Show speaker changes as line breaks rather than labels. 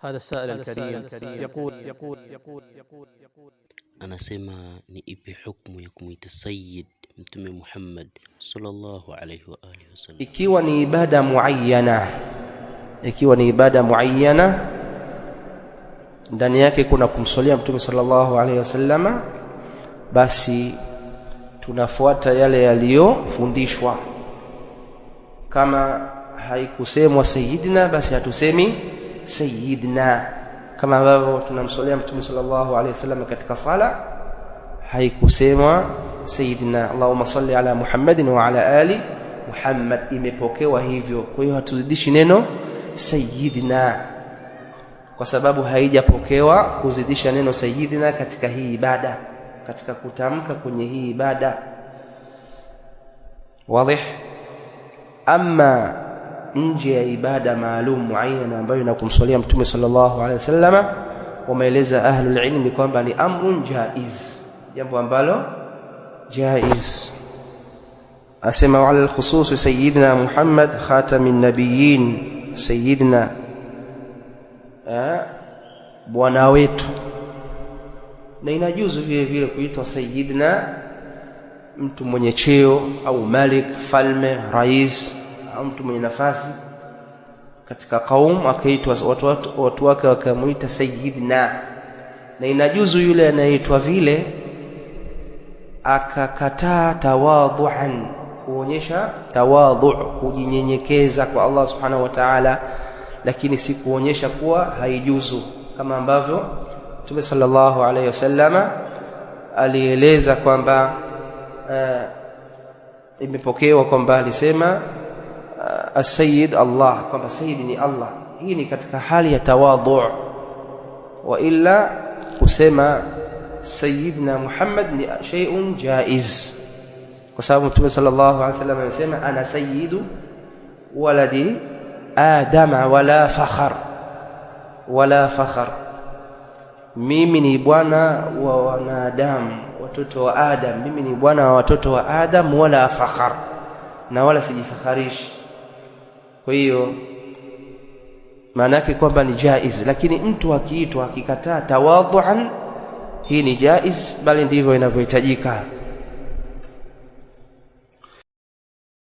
هذا السائل الكريم يقول يقول يقول يقول
يقول anasema ni ipi hukumu ya kumwita sayyid mtume Muhammad sallallahu alayhi wa alihi
wasallam, ikiwa ni ibada muayyana, ikiwa ni ibada muayyana ndani yake kuna kumsalia mtume sallallahu alayhi wasallam basi tunafuata yale yaliyofundishwa. Kama haikusemwa sayyidina, basi hatusemi sayyidina kama ambavyo tunamsolea mtume sallallahu alayhi wasallam katika sala haikusemwa sayyidina allahumma salli ala muhammadin wa ala ali muhammad imepokewa hivyo kwa hiyo hatuzidishi neno sayyidina kwa sababu haijapokewa kuzidisha neno sayyidina katika hii ibada katika kutamka kwenye hii ibada wazi ama nje ya ibada maalum muayana ambayo inakumswalia mtume sallallahu alaihi wasallama wameeleza ahlul ilmi kwamba ni amrun jaiz jambo ambalo jaiz asema wala alkhusus sayyidina muhammad khatamin nabiyyin sayyidina eh, bwana wetu na inajuzu vile vile kuitwa sayyidina mtu mwenye cheo au malik falme rais au mtu mwenye nafasi katika kaum akaitwa watu wake wakamuita sayyidina na inajuzu yule anayeitwa vile akakataa tawadhuan kuonyesha tawadhu kujinyenyekeza kwa Allah subhanahu wa ta'ala lakini si kuonyesha kuwa haijuzu kama ambavyo Mtume sallallahu alayhi wasallama alieleza kwamba uh, imepokewa kwamba alisema السيد Allah kwamba sayyid ni Allah hii ni katika hali ya tawadhu wa illa kusema sayyidina Muhammad ni shay'un jaiz kwa sababu Mtume sallallahu alaihi wasallam amesema ana sayyidu waladi adama wala fakhar wala fakhar mimi ni bwana wa wanadamu watoto wa Adam mimi ni bwana wa watoto wa Adam wala fakhar na wala sijifaharishi kwa hiyo maana yake kwamba ni jaiz, lakini mtu akiitwa akikataa tawadhuan, hii ni jaiz, bali ndivyo inavyohitajika.